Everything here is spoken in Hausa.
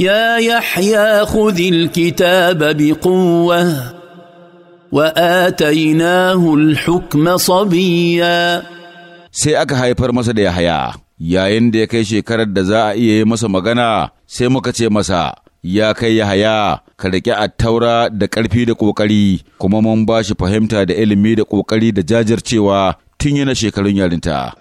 يا يحيى خذ الكتاب بقوه واتيناه الحكم صبيا sai aka haifar masa da yahaya yayin da ya kai shekarar da za a iya yi masa magana sai muka ce masa ya kai yahaya ka riƙe attaura da ƙarfi da ƙoƙari kuma mun ba shi fahimta da ilimi da ƙoƙari da jajircewa tun yana shekarun yarinta